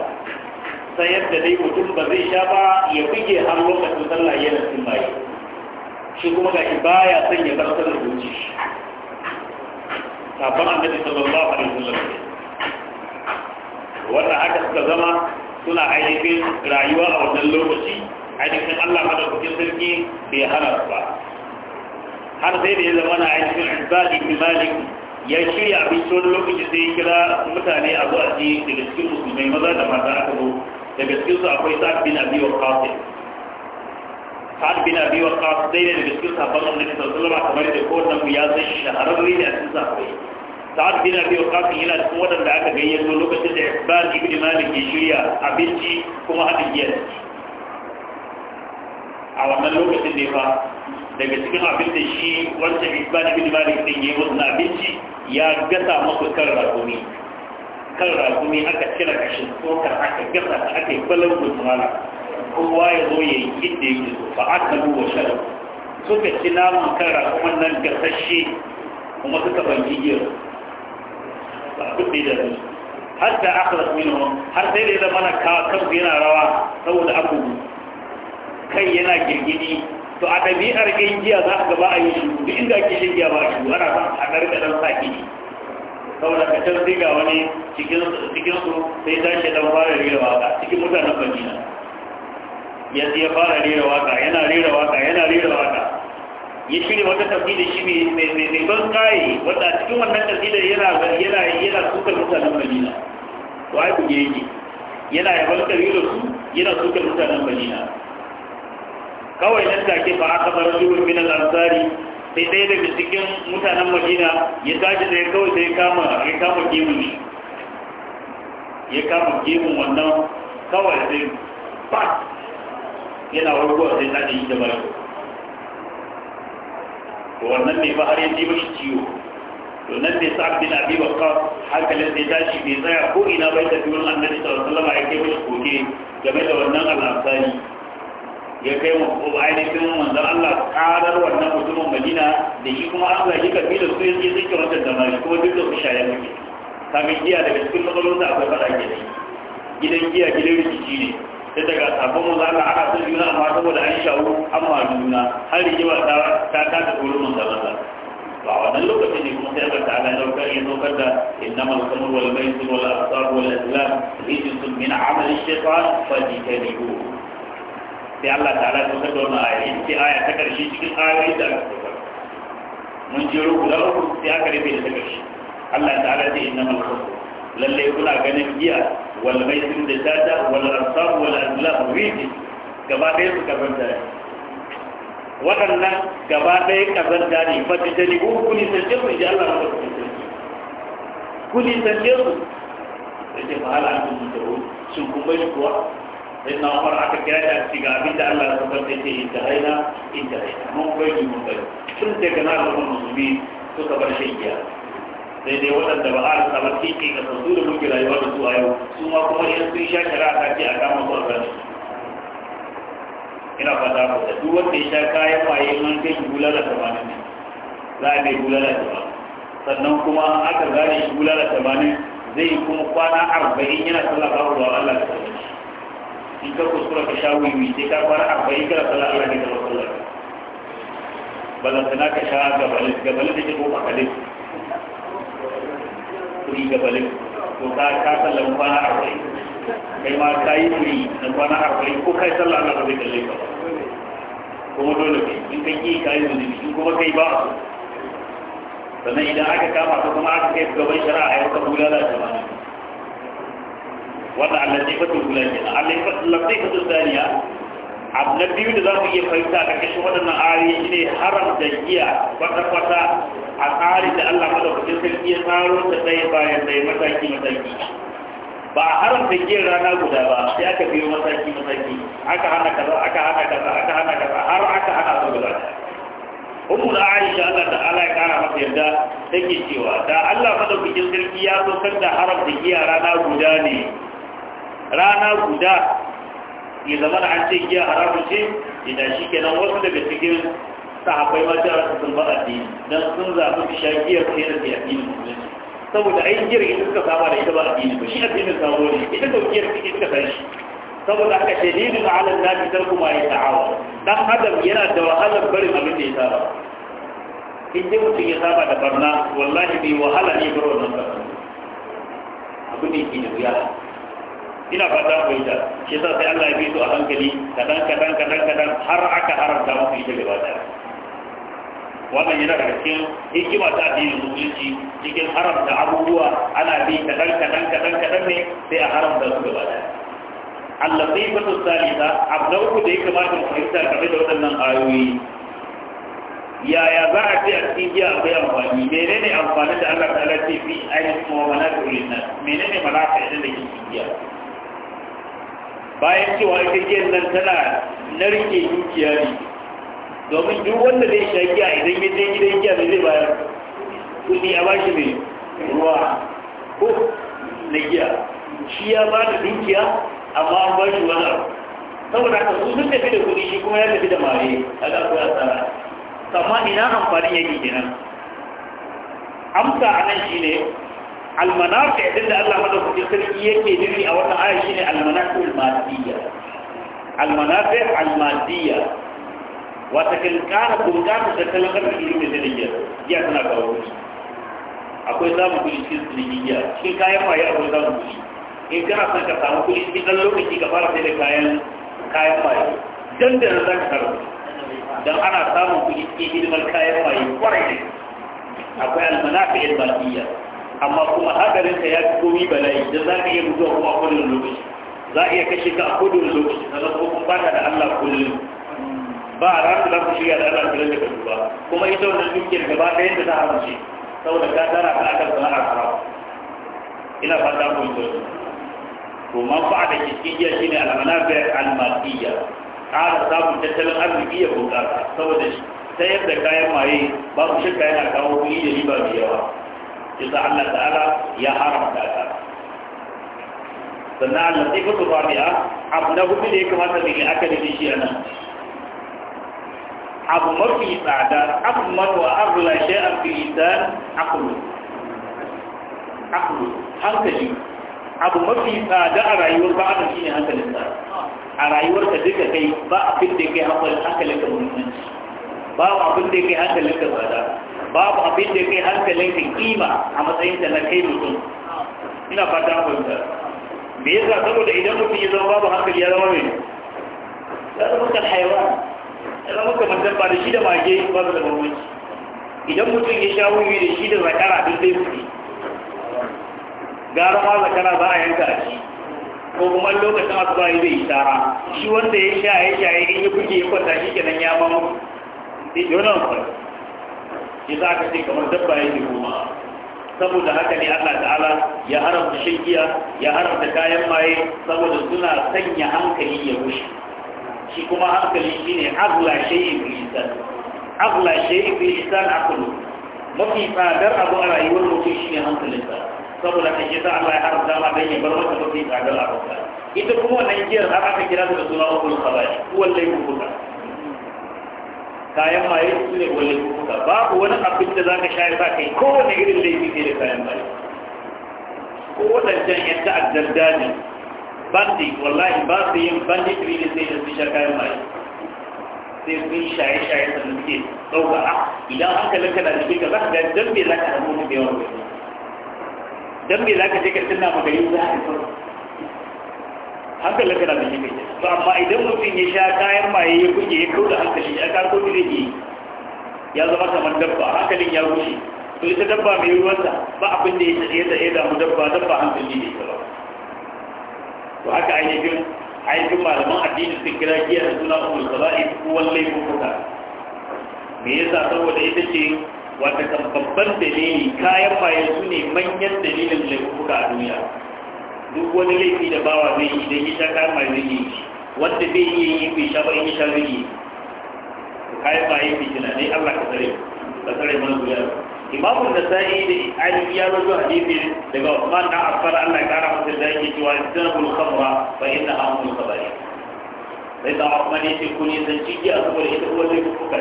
sai yadda dai mutum ba zai sha ba ya fige har lokacin sallah yana cikin bayi shi kuma ga shi baya son ya bar sallar zuci sabon annabi sallallahu alaihi wasallam wannan haka suka zama suna ainihin rayuwa a wannan lokaci hadisin Allah madaukakin sarki bai hana ba har sai da ya zama na ainihin ibadi bin malik ya shirya abinci wani lokaci sai ya kira mutane abu a zuwa ji daga cikin musulmai maza da mata aka zo daga cikin su akwai sa'ad bin abi wa qasim sa'ad bin abi wa qasim dai ne daga cikin sahabban annabi sallallahu alaihi wasallam kamar da kowanne mu ya san shahararre ne a cikin sahabbai sa'ad bin abi wa qasim yana cikin wadanda aka gayyato lokacin da ibadi bin malik ya shirya abinci kuma hadin giya a wannan lokacin ne fa daga cikin abin da shi wancan isbani bin malik din yayi wannan abinci ya gasa musu kan rakumi kan rakumi aka cire kashin tsokar aka gasa ta aka yi balan gutsuwala kowa ya zo ya yi inda ya zo a aka duba shara suka ci naman kan rakuman nan gasashe kuma suka banki giyar ba duk da yadda hatta akhlas minhum har sai da ya zama na kawo yana rawa saboda abubu kai yana girgidi to a ɗabi'ar gangiya za a gaba a yi shi duk inda ake shan ba a shi ana a ɗarka ɗan sa gidi saboda ka can ga wani cikin su sai shi ɗan fara rera waka cikin mutanen bangina Yanzu ya fara rera waka yana rera waka yana rera waka ya shirya wata da shi mai ban kaye wanda cikin wannan tafsirar yana yana yana sukar mutanen bangina wa ku yake yana yaban kabilar su yana sukar mutanen bangina kawai nan take fa aka bar rajulun min al-ansari sai dai da cikin mutanen Madina ya tashi da kawai sai kama ya kama gemun shi ya kama gemun wannan kawai sai ba yana warkuwa sai ta yi da barko to wannan ne ba har ya ji mishi ciwo to nan ne sa'ad bin abi waqqas hankalin sai tashi bai tsaya ko ina bai tafi wannan annabi sallallahu alaihi wasallam ya kai mishi koke game da wannan al-ansari ya kai wa ainihin manzan Allah karar wannan mutumin Madina da shi kuma an zaki da su yake zikin wata da shi kuma duk da su shaya muke kamin giya daga cikin matsalolin da akwai fara ke gidan giya gidan rikici ne sai daga sabon manzan Allah ana son juna amma saboda an shawo an ma juna har rigima ta ta ta da tsoron manzan Allah ba a wannan lokacin ne kuma sai Allah ta'ala ya daukar ya daukar da innamal khamr wal maisir wal asar wal azlam rijsun min amali shaytan fajtanibuhu sai Allah ala ta ta da na aya ita aya ta karshe cikin ayoyi da aka saukar mun ji ruku da ruku sai aka rufe da ta karshe Allah ta inna innamal khamr lalle kuna ganin giya wal maisir da tata wal arsab wal azlam wiji gaba ɗaya su kafanta ne waɗannan gaba ɗaya kafanta ne fata ta ne ko kuni sanje su ji Allah maka kuni sanje kuni sanje su da ke fahala an kuma da shin kun bai kuwa sai na umar aka gaya shi ga abin da Allah ya saukar da ke inda raina inda raina mun gani mun gani tun daga na al'ummar musulmi suka bar shan giya sai dai waɗanda ba a rasa ba ke ke kasar su da muke rayuwa da su a yau su ma kuma yan sun sha shara a ce a kama su a gani ina fata ku da duk wanda ya sha kayan maye man kai gula da tamanin ne za a mai gula da tamanin sannan kuma aka gane shi gula da tamanin zai kuma kwana arba'in yana tallafa wa Allah da tamanin in ka kuskura ka sha wiwi sai ka fara arba'in ka sallah Allah ne gaba sallah ba zan sana ka sha gabalin gabalin da ke ko bakalin kuri gabalin ko ka ka sallah kwana arba'in kai ma ka yi kuri na kwana arba'in ko kai sallah Allah ba zai kalle ka ba kuma dole kai in kai yi ka yi zunubi in kuma kai ba sannan idan aka kama ka kuma aka kai gaban shari'a ya ka bulala ta ba wannan allatifatul kulani allatifatul thaniya abu na biyu da za mu iya fahimta a ƙarƙashin waɗannan ari shi ne haram da giya kwata-kwata a tsari da Allah madaukakin sarki ya tsaro ta ɗaya bayan ɗaya mataki-mataki ba a da giyar rana guda ba sai aka biyo mataki-mataki aka hana kaza aka hana kaza aka hana kaza har aka hana su guda Ummu da Aisha Allah da Allah ya kara masa yarda take cewa da Allah madaukakin sarki ya so kan da haramta giya rana guda ne rana guda ya zama da an ce giya haramun ce idan shi kenan wasu daga cikin sahabbai ma ta rasu sun ba'a addini dan sun zaɓi su sha giyar sai da addinin musulunci saboda ai giyar ita suka saba da ita ba a addini ba shi a addinin sabo ne ita ko giyar ita suka san shi saboda haka shadidun ala nabi tarku ma yata'awa dan adam yana da wahalar barin abin da ya saba in dai mutum ya saba da barna wallahi bai wahala ne bar wannan barna abu ne ke da wuya ina fata mai ita shi yasa sai Allah ya bi su a hankali kadan kadan kadan kadan har aka haramta musu ita gaba daya wannan yana da cikin hikima ta addinin musulunci cikin haramta abubuwa ana bi kadan kadan kadan kadan ne sai a haramta su gaba daya Allah sai fata salisa ku da ya kamata mu fahimta game da waɗannan ayoyi yaya za a ce a cikin giya akwai amfani menene amfanin da Allah ta ce fi ainihin mu'amalat ulil nas menene malaka idan da ke cikin giya bayan cewa ita giyan nan tana rike dukiya ne domin duk wanda zai sha giya idan ya je gidan giya ne zai bayar kuɗi a bashi ne ruwa ko na giya shi ya ba da dukiya amma an bashi wani abu saboda haka su sun tafi da kudi shi kuma ya tafi da mare a ga ya tsara amma ina amfani yake kenan amsa a nan ne. almanafi din da Allah madaukaki sarki yake nufi a wannan aya shine almanafi almadiyya almanafi almadiyya wata kun gurgata da kalan arziki ne da niyyar ya tana kawo shi akwai samun kuɗi cikin tsinigiyya cikin kayan maye akwai samun kuɗi in kana son ka samu kuɗi cikin ɗan lokaci ka fara sai da kayan kayan maye dan da za ka dan ana samun kuɗi cikin hidimar kayan maye kwarai ne akwai almanafi almadiyya amma kuma hadarin ta ya fi komi bala'i da za ka iya mutuwa kuma a kodin lokaci za a iya kashe ka a kodin lokaci sannan kuma ba baka da Allah kullum ba a ranar za ku shirya da Allah kullum da ka duba kuma ita wannan dukiyar gaba ɗaya za ta haramce saboda ka tara ka akan sana'ar haram ina fata ku yi to manfa'a da kiskiyya shine al-manafi al-maqiyya ƙara samun tattalin arziki ya bunƙasa saboda sayar da kayan maye babu shakka yana kawo kuɗi da riba mai yawa إذا الله تعالى يا حرم تعالى sannan al-latifa rabi'a abu na hudu da ya kamata mu yi aka da shi anan abu mafi tsada abu man wa arla shay'an fi lisan aqlu aqlu hankali abu mafi tsada a rayuwar ba adam shine hankalin sa a rayuwar ka duka kai ba abin da kai hankalin hankalin ka mutunci ba abin da kai hankalin ka tsada babu abin da kai hankalin ka kima a matsayin ta na kai mutum ina fata fahimta me yasa saboda idan mutum ya zama babu hankali ya zama mai ya zama kan haiwa ya zama kamar dabba da shi da mage ba su da bambanci idan mutum ya sha wuyi da shi da zakara duk zai fudi gara ma zakara za a yanka a shi ko kuma lokacin a ya zai tara shi wanda ya sha ya sha ya in ya buge ya kwanta shi kenan ya mamu sai jonan kwanta shi za ka ce kamar dabba yake kuma saboda haka ne Allah ta'ala ya haramta shagiya ya haramta kayan maye saboda suna sanya hankali ya rushe shi kuma hankali shine agla shay'i fil lisan agla shay'i fil lisan aqlu mafi tsadar abu a rayuwar mutum shine hankalinsa saboda ta shi Allah ya haramta ma dan ya bar masa mafi tsadar abu ita kuma wannan jiyar har aka kira ta da suna ukul khabari wallahi ukul khabari kayan maye su ne wani kuka babu wani abin da za ka sha ya kai kowane irin laifi ne da kayan maye ko waɗancan yan ta'addar daji bandi wallahi ba su yin bandi tiri ne sai da su sha kayan maye sai sun shaye shaye sannan suke ɗauka a ah, idan an hankalin ka na jikin ka za ka ga dan me za ka samu mutum yawan kai dan me za ka je ka tunna magani za ka hankalin kana da shi ne to amma idan mutum ya sha kayan maye ya kuke ya da hankali ya ka ko da yi ya zama kamar dabba hankalin ya rushe to ita dabba mai ruwanta ba abin da ya da ya damu dabba dabba hankali ne ba to haka ainihin ainihin malaman addini sun kira giya da suna umul saba'i kuwan laifin kuka me yasa saboda ita ce wata babban dalili kayan maye su ne manyan dalilin laifuka a duniya duk wani laifi da bawa mai yi da ya sha kama zai wanda bai iya yi bai shafa ba in ya sha zai to kai ba yi fitina dai Allah ka tsare ka tsare mana guda Imam An-Nasa'i da Ali ya rawaito hadisi daga Uthman da Affan Allah ya kara masa da yake cewa tanabul khamra fa inna amul khabari sai da Uthman yake kuni zan ciki a saboda ita kuma zai fuka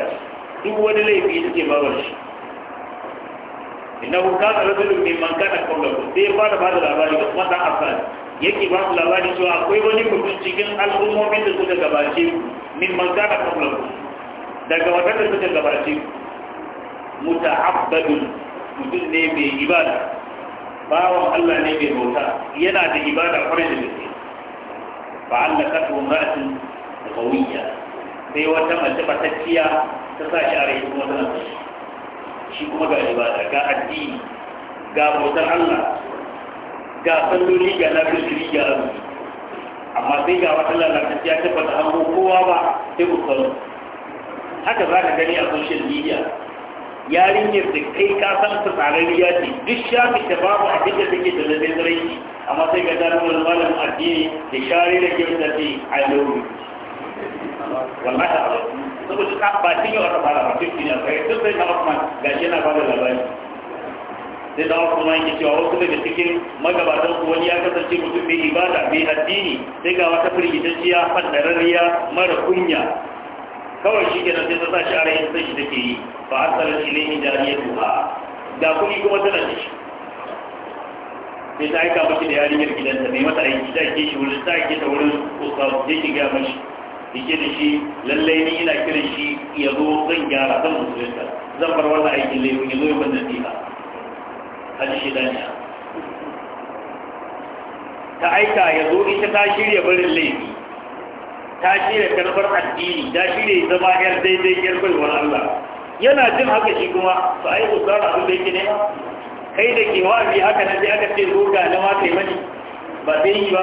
duk wani laifi da ke babar shi innahu kana rajulun mimman kana qablahu sai ba da bada labari ga Usman dan Affan yake ba su labari cewa akwai wani mutum cikin al'ummomin da suka gabace mimman kana qablahu daga wadanda suka gabace muta'abbadun mutum ne mai ibada bawan Allah ne mai bauta yana da ibada kwarai da gaske fa Allah ka tuwa ra'atin qawiyya sai wata mace ta sa a shi kuma ga ibada ga addini ga bautar Allah ga salloli ga lafiyar ga rami amma sai ga wata lalata ya tabbata hango kowa ba sai ku tsaro haka za ka gani a social media yarinyar da kai ka san ta tsararriya ce duk shafi ta babu a da take da lalata rai amma sai ga zanen wani malam addini da share da kyau da ce i love a wallahi saboda ka ba tun yau aka fara ba tun kini alkhairi sai na ga shi yana bada da Osman yake cikin ya ibada addini ga mara kunya kawai shi ta shi a sai shi yi ba a tsara shi ne jariyatu ha da kuma tana shi sai ta aika miki da yarinyar gidanta mai mata aiki ta ke shi wurin ta ke ta wurin kusa je ki ga mashi rike da shi lallai ni ina kiran shi ya zo zan gyara zan musulunta zan bar wannan aikin laifin ya zo ya banda nasiha har shi ne ta aika ya zo ita ta shirya barin laifi ta shirya karbar addini ta shirya zama yar daidai yar wani Allah yana jin haka shi kuma su ai yi kusurar abin da yake ne kai da ke wa haka nan sai aka ce zo ga na ma kai mani ba sai yi ba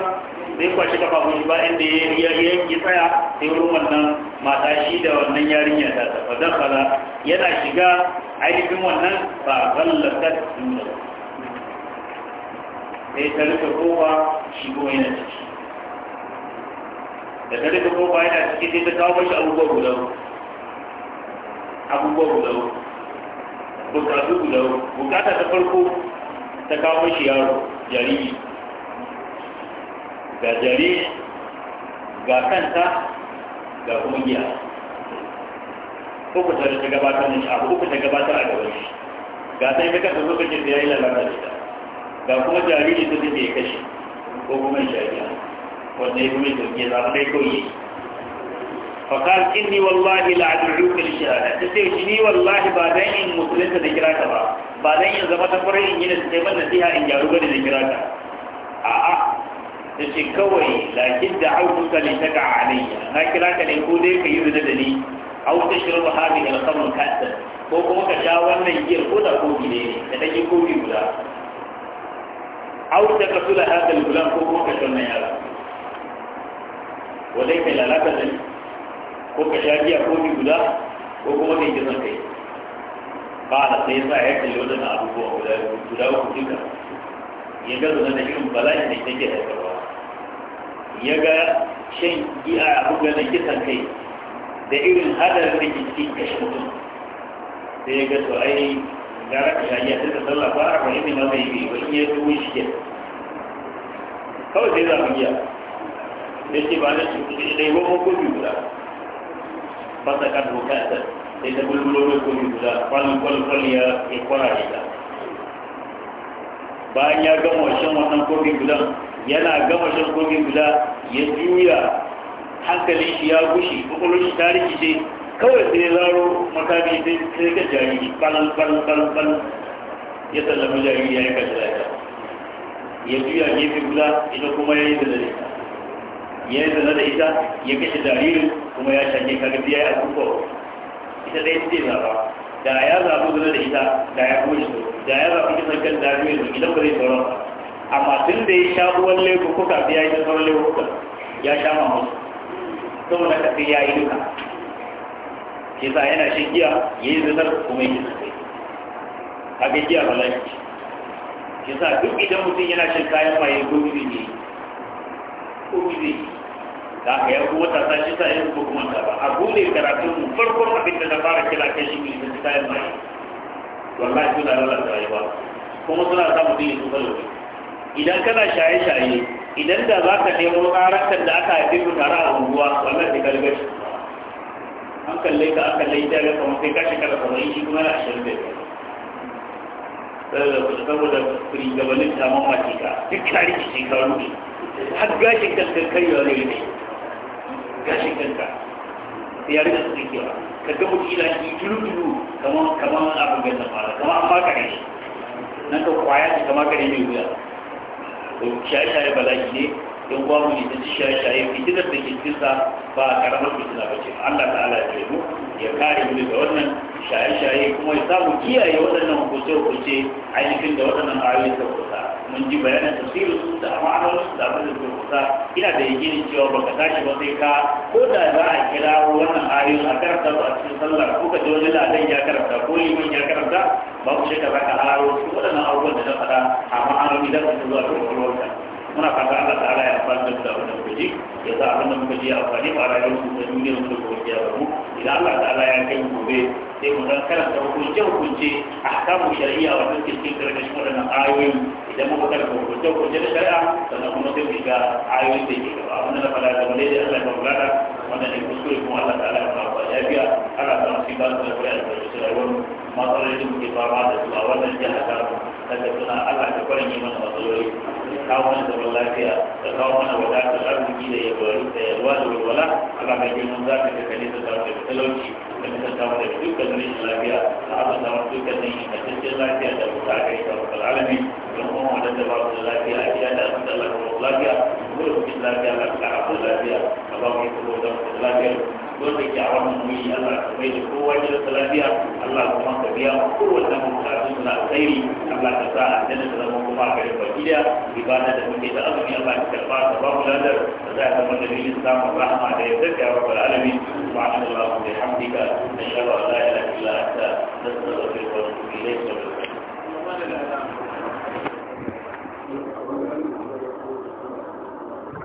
sai kwashe kafa shi ba da ya yanki tsaya sai wurin wannan mata shi da wannan yarinya ta tafa zan fara yana shiga ainihin wannan ba zallata duniya sai ta rufe kowa shigo yana ciki da ta rufe kowa yana ciki sai ta kawo mashi abubuwa guda abubuwa guda bukatu guda bukata ta farko ta kawo mashi yaro jariri ga zare ga kanta ga kuma giya uku ta gabatar da shi abu uku ta gabatar a gaban shi ga sai ta kasa lokacin da ya yi lalata shi ga kuma jariri ta take ya kashe ko kuma shari'a wanda ya kuma doke za ka dai koyi fakal inni wallahi la ad'u bil shahada ta ce shi ni wallahi ba dan in musulunta da kira ka ba ba dan in zama ta fara in yi da sai ban nasiha in jaru ga da kira ka تشكوي لكن دعوتك لتقع علي هاك لا تلقو ديك يرددني أو تشرب هذه الخم كأسا فوقو تشاوان من يرقو تقوكي لي تتجي كوكي بلا أو تقتل هذا الغلام فوقو تشرب نيارا وليك لا لا تزن فوقو تشاوان كوكي بلا فوقو تشرب نيارا قال سيسا هيك اللي ودنا أبوكو أبوكو تشرب نيارا ينقل ودنا نجيهم بلاي نجيهم بلاي نجيهم بلاي ya ga shan giya abin da na kisan kai da irin hadar da ke cikin kashe mutum da ya ga to ai gara ka shayi a cikin tsalla ba a fahimmi na mai biyu wani ya dubu shi ke kawai sai za mu giya da ke ba na cikin da ɗaya ba ko guda ba ta kan doka ta sai ta bulbulo mai ko biyu guda kwallon kwallon ya kwara da ita bayan ya gama shan wannan kofi gudan yana gama shan kogin guda ya juya hankali shi ya gushi kwakwalwar shi tarihi ce kawai sai zaro makami sai sai ga jariri balal balal balal balal ya sallama jariri ya yi kan lafiya ya juya gefe guda ita kuma ya yi zana da ita ya yi zana da ita ya kashe jaririn kuma ya shanye kaga biya ya kuka ita ɗaya ce zaba da ya zaɓi zana da ita da ya kuma shi da ya zaɓi kisan kan jaririn idan ba zai tsoron ba amma tun da ya sha ruwan lego kafin ya yi sauran lego kuka ya sha musu saboda na sai ya yi duka ke sa yana shi giya ya yi zinar kuma yi zinar a ga giya ba lafi shi sa duk idan mutum yana shan kayan maye ko zai ne ko zai da aka yanku wata ta shi sa yin ko kuma ba a gode karatun mu farkon abin da na fara kila kai shi ne kayan maye wallahi suna lalata rayuwa kuma suna samun mutum ya tsofa idan kana shaye-shaye idan da za ka nemo ƙarar da aka haifi mu tare a unguwa wannan da gargashi an kalle ka an kalle ita ga kuma kai kashi kala kamar shi kuma na shirin da biyar saboda rigabanin samun matika duk kari ki ka rufe har gashin kankan kai ya ne ne gashin kanka sai ya rika tsirkewa ka ga mutum ina ki tulu-tulu kamar abin gasa fara kamar an baka ne nan ka kwaya ce kamar ka ne wuya shaye-shaye bala'i ne yan uwa mu ta ci shaye-shaye fitinar da ke cinsa ba a karamar fitina ba ce Allah ta'ala ya ce mu ya kare mu da wannan shaye-shaye kuma ya samu kiyaye waɗannan hukunce-hukunce ainihin da waɗannan ayoyin da kusa mun ji bayanin tafsirin su da amanar su da abin da ke kusa ina da yakinin cewa ba ka tashi ba sai ka ko da za a kira wannan ayoyin a karanta ba a cikin sallah ko ka ji wani ladan ya karanta ko liman ya karanta ba ku ka za ka haro su waɗannan abubuwan da na faɗa an ma'anoni za su zuwa ga kwakwalwarka muna fata Allah ta'ala ya amfani da wannan kuji ya sa abin da muka ji a amfani ba rayuwar mu da duniyar mu da gobe ba mu idan Allah ta'ala ya kai gobe sai mu dan karanta hukunce hukunce ahkamu shari'a wa dukkan cikin da shi wannan ayoyi idan muka karanta hukunce hukunce da shari'a sannan kuma sai mu shiga ayoyin da ke gaba abin da fara da mulai da Allah ya mulata wannan ne kuskure kuma Allah ta'ala ya fara ba lafiya Allah ta shi ba su da kuri albarkaci rayuwar matsalolin da muke fama da su a wannan jihar da ta daga suna Allah ta kwarin yi mana matsaloli kawo mana zaman lafiya ka kawo mana wadatar arziki da yalwaru da yalwa da walwala Allah mai girman za ka ga kane da ta da talauci da ta ta da dukkan rashin lafiya da aka samu dukkan ingantaccen lafiya da ba aka yi ta wata alami don kuma wadanda ba su da lafiya a gida da asibiti Allah ka lafiya mu da lafiya da lafiya ka ba mu yi kuma da lafiya wanda ke a wannan wuri Allah ka bai da kowa ji da lafiya Allah kuma a biya mu kowanne mutane na alkhairi Allah ka sa aljanna ta zama kuma a garin baki da ibada da muke da azumi Allah ka karba ka ba mu ladar da za ka zama dalilin samun rahama da yarda ka ya rabbal alamin subhanallahi wa bihamdika ashhadu an la ilaha illa anta nastaghfiruka wa natubu ilayk